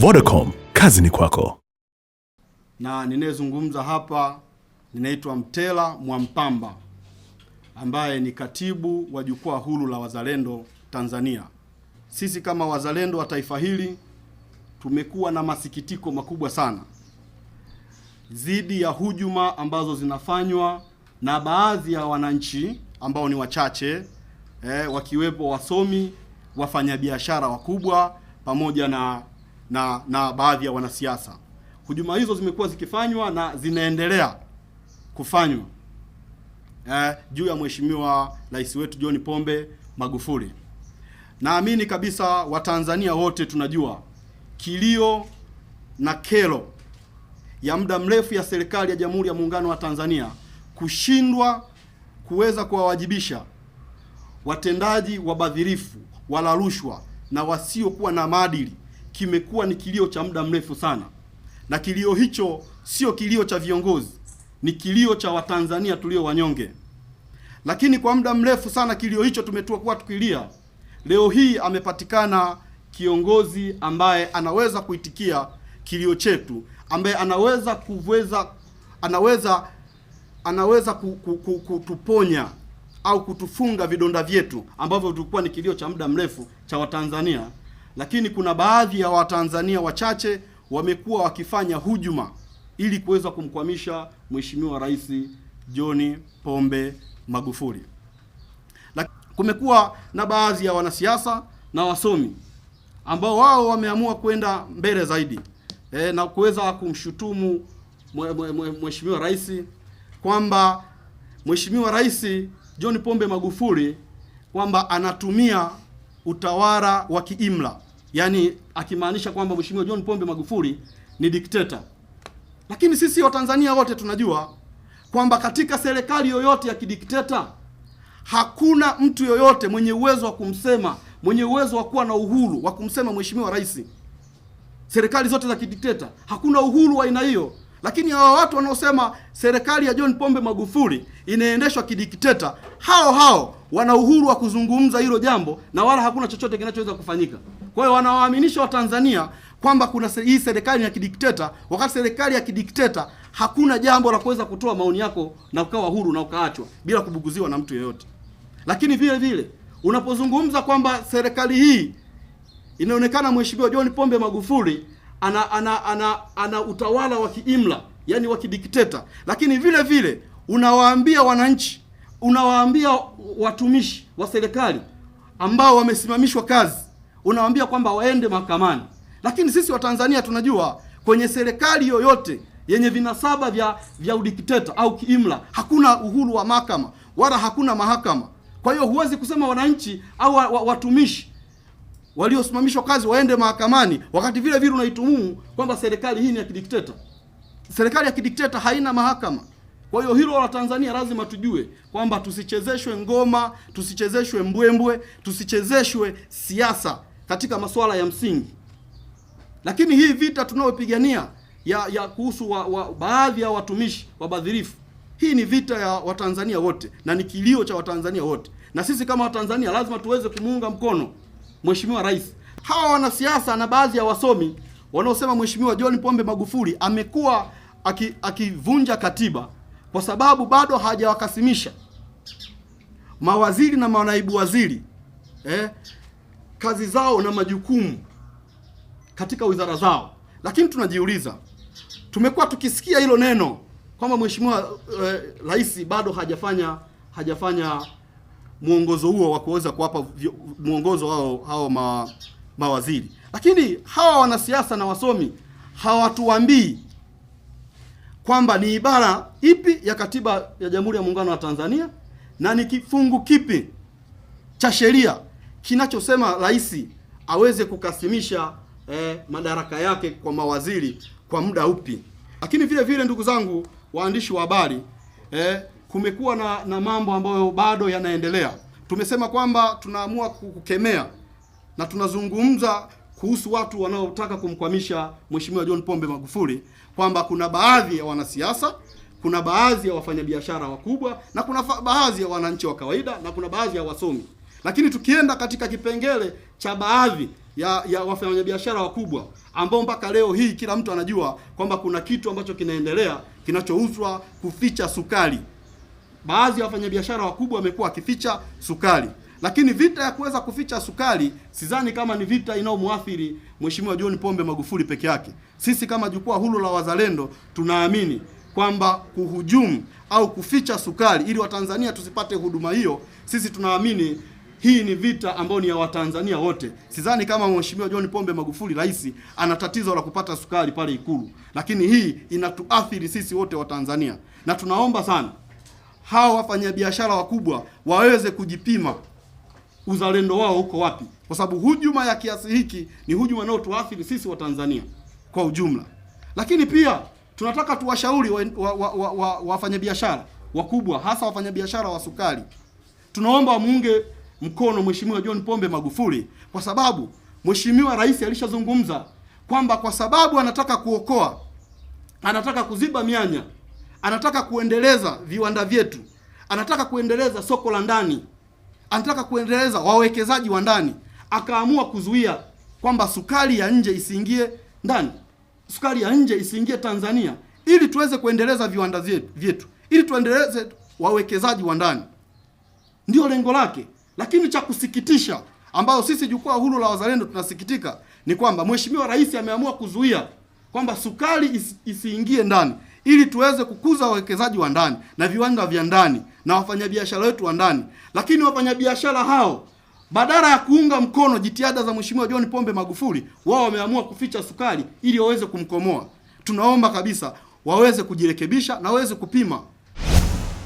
Vodacom, kazi ni kwako. Na ninayezungumza hapa ninaitwa Mtela Mwampamba ambaye ni katibu wa Jukwaa Huru la Wazalendo Tanzania. Sisi kama wazalendo wa taifa hili tumekuwa na masikitiko makubwa sana dhidi ya hujuma ambazo zinafanywa na baadhi ya wananchi ambao ni wachache eh, wakiwepo wasomi, wafanyabiashara wakubwa pamoja na na na baadhi ya wanasiasa. Hujuma hizo zimekuwa zikifanywa na zinaendelea kufanywa eh, juu ya mheshimiwa rais wetu John Pombe Magufuli. Naamini kabisa Watanzania wote tunajua kilio na kero ya muda mrefu ya serikali ya Jamhuri ya Muungano wa Tanzania kushindwa kuweza kuwawajibisha watendaji wabadhirifu, wala rushwa na wasiokuwa na maadili kimekuwa ni kilio cha muda mrefu sana, na kilio hicho sio kilio cha viongozi, ni kilio cha Watanzania tulio wanyonge. Lakini kwa muda mrefu sana kilio hicho tumekuwa tukilia. Leo hii amepatikana kiongozi ambaye anaweza kuitikia kilio chetu, ambaye anaweza kuweza anaweza anaweza kutuponya au kutufunga vidonda vyetu ambavyo tulikuwa ni kilio cha muda mrefu cha Watanzania lakini kuna baadhi ya Watanzania wachache wamekuwa wakifanya hujuma ili kuweza kumkwamisha Mheshimiwa Rais John Pombe Magufuli. Kumekuwa na baadhi ya wanasiasa na wasomi ambao wao wameamua kwenda mbele zaidi e, na kuweza kumshutumu Mheshimiwa Rais kwamba Mheshimiwa Rais John Pombe Magufuli kwamba anatumia utawala wa kiimla, yani akimaanisha kwamba Mheshimiwa John Pombe Magufuli ni dikteta. Lakini sisi Watanzania wote tunajua kwamba katika serikali yoyote ya kidikteta hakuna mtu yoyote mwenye uwezo wa kumsema, mwenye uwezo wa kuwa na uhuru wa kumsema Mheshimiwa Rais. Serikali zote za kidikteta hakuna uhuru wa aina hiyo, lakini hawa watu wanaosema serikali ya John Pombe Magufuli inaendeshwa kidikteta, hao hao wana uhuru wa kuzungumza hilo jambo na wala hakuna chochote kinachoweza kufanyika. Kwa hiyo wanawaaminisha Watanzania kwamba kuna hii serikali ya kidikteta, wakati serikali ya kidikteta hakuna jambo la kuweza kutoa maoni yako na ukawa huru na ukaachwa bila kubuguziwa na mtu yeyote. Lakini vile vile unapozungumza kwamba serikali hii inaonekana, Mheshimiwa John Pombe Magufuli ana, ana, ana, ana utawala wa kiimla, yani wa kidikteta, lakini vile vile unawaambia wananchi unawaambia watumishi wa serikali ambao wamesimamishwa kazi, unawaambia kwamba waende mahakamani, lakini sisi Watanzania tunajua kwenye serikali yoyote yenye vinasaba vya vya udikteta au kiimla hakuna uhuru wa mahakama wala hakuna mahakama. Kwa hiyo huwezi kusema wananchi au watumishi waliosimamishwa kazi waende mahakamani, wakati vile vile unaitumumu kwamba serikali hii ni ya kidikteta. Serikali ya kidikteta haina mahakama. Kwa hiyo hilo la Tanzania lazima tujue kwamba tusichezeshwe ngoma, tusichezeshwe mbwembwe, tusichezeshwe siasa katika masuala ya msingi. Lakini hii vita tunayopigania ya, ya kuhusu wa, wa, baadhi ya watumishi wabadhirifu, hii ni vita ya Watanzania wote na ni kilio cha Watanzania wote, na sisi kama Watanzania lazima tuweze kumuunga mkono Mheshimiwa Rais. Hawa wanasiasa na baadhi ya wasomi wanaosema Mheshimiwa John Pombe Magufuli amekuwa akivunja aki katiba kwa sababu bado hajawakasimisha mawaziri na manaibu waziri eh, kazi zao na majukumu katika wizara zao. Lakini tunajiuliza, tumekuwa tukisikia hilo neno kwamba mheshimiwa eh, rais bado hajafanya hajafanya mwongozo huo wa kuweza kuwapa mwongozo hao hao ma, mawaziri. Lakini hawa wanasiasa na wasomi hawatuambii kwamba ni ibara ipi ya katiba ya Jamhuri ya Muungano wa Tanzania na ni kifungu kipi cha sheria kinachosema rais aweze kukasimisha eh, madaraka yake kwa mawaziri kwa muda upi. Lakini vile vile, ndugu zangu waandishi wa habari, eh, kumekuwa na, na mambo ambayo bado yanaendelea. Tumesema kwamba tunaamua kukemea na tunazungumza kuhusu watu wanaotaka kumkwamisha Mheshimiwa John Pombe Magufuli kwamba kuna baadhi ya wanasiasa, kuna baadhi ya wafanyabiashara wakubwa, na kuna baadhi ya wananchi wa kawaida, na kuna baadhi ya wasomi. Lakini tukienda katika kipengele cha baadhi ya, ya wafanyabiashara wakubwa ambao mpaka leo hii kila mtu anajua kwamba kuna kitu ambacho kinaendelea kinachouzwa kuficha sukari. Baadhi ya wafanyabiashara wakubwa wamekuwa wakificha sukari. Lakini vita ya kuweza kuficha sukari sidhani kama ni vita inayomwathiri Mheshimiwa John Pombe Magufuli peke yake. Sisi kama jukwaa huru la wazalendo tunaamini kwamba kuhujumu au kuficha sukari ili Watanzania tusipate huduma hiyo, sisi tunaamini hii ni vita ambayo ni ya Watanzania wote. Sidhani kama Mheshimiwa John Pombe Magufuli rais ana tatizo la kupata sukari pale Ikulu, lakini hii inatuathiri sisi wote Watanzania, na tunaomba sana hawa wafanyabiashara wakubwa waweze kujipima uzalendo wao uko wapi, kwa sababu hujuma ya kiasi hiki ni hujuma inayotuathiri sisi wa Tanzania kwa ujumla. Lakini pia tunataka tuwashauri wafanyabiashara wa, wa, wa, wa wakubwa hasa wafanyabiashara wa sukari, tunaomba wamuunge mkono Mheshimiwa John Pombe Magufuli kwa sababu Mheshimiwa Rais alishazungumza kwamba kwa sababu anataka kuokoa, anataka kuziba mianya, anataka kuendeleza viwanda vyetu, anataka kuendeleza soko la ndani, anataka kuendeleza wawekezaji wa ndani, akaamua kuzuia kwamba sukari ya nje isiingie ndani, sukari ya nje isiingie Tanzania, ili tuweze kuendeleza viwanda vyetu, ili tuendeleze wawekezaji wa ndani. Ndio lengo lake. Lakini cha kusikitisha, ambayo sisi jukwaa huru la wazalendo tunasikitika, ni kwamba mheshimiwa rais ameamua kuzuia kwamba sukari isiingie ndani ili tuweze kukuza wawekezaji wa ndani na viwanda vya ndani na wafanyabiashara wetu wa ndani, lakini wafanyabiashara hao badala ya kuunga mkono jitihada za Mheshimiwa John Pombe Magufuli, wao wameamua kuficha sukari ili waweze kumkomoa. Tunaomba kabisa waweze kujirekebisha na waweze kupima